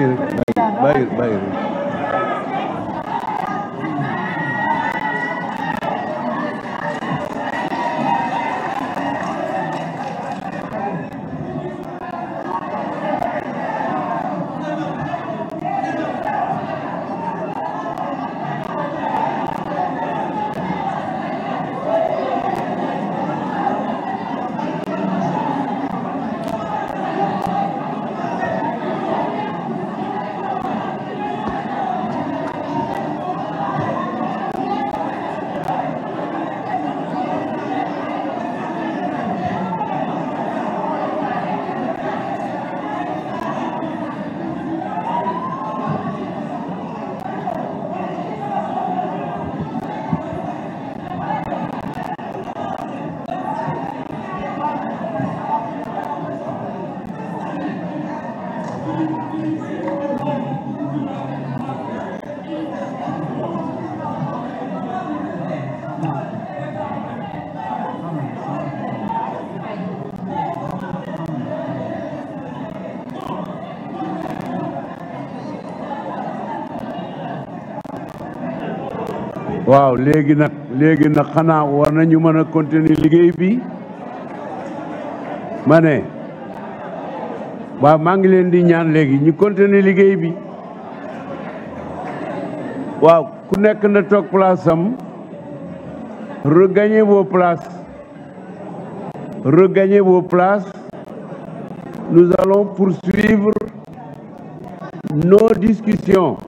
Bayır, bayır, bayır, bayır. waaw léegi nag léegi nag xanaa war nañu mën a continuer liggéey bi mane waaw maa ngi leen di ñaan léegi ñu continuer liggéey bi waaw ku nekk na toog place am regagnez vos places regagnez vos places nous allons poursuivre nos discussions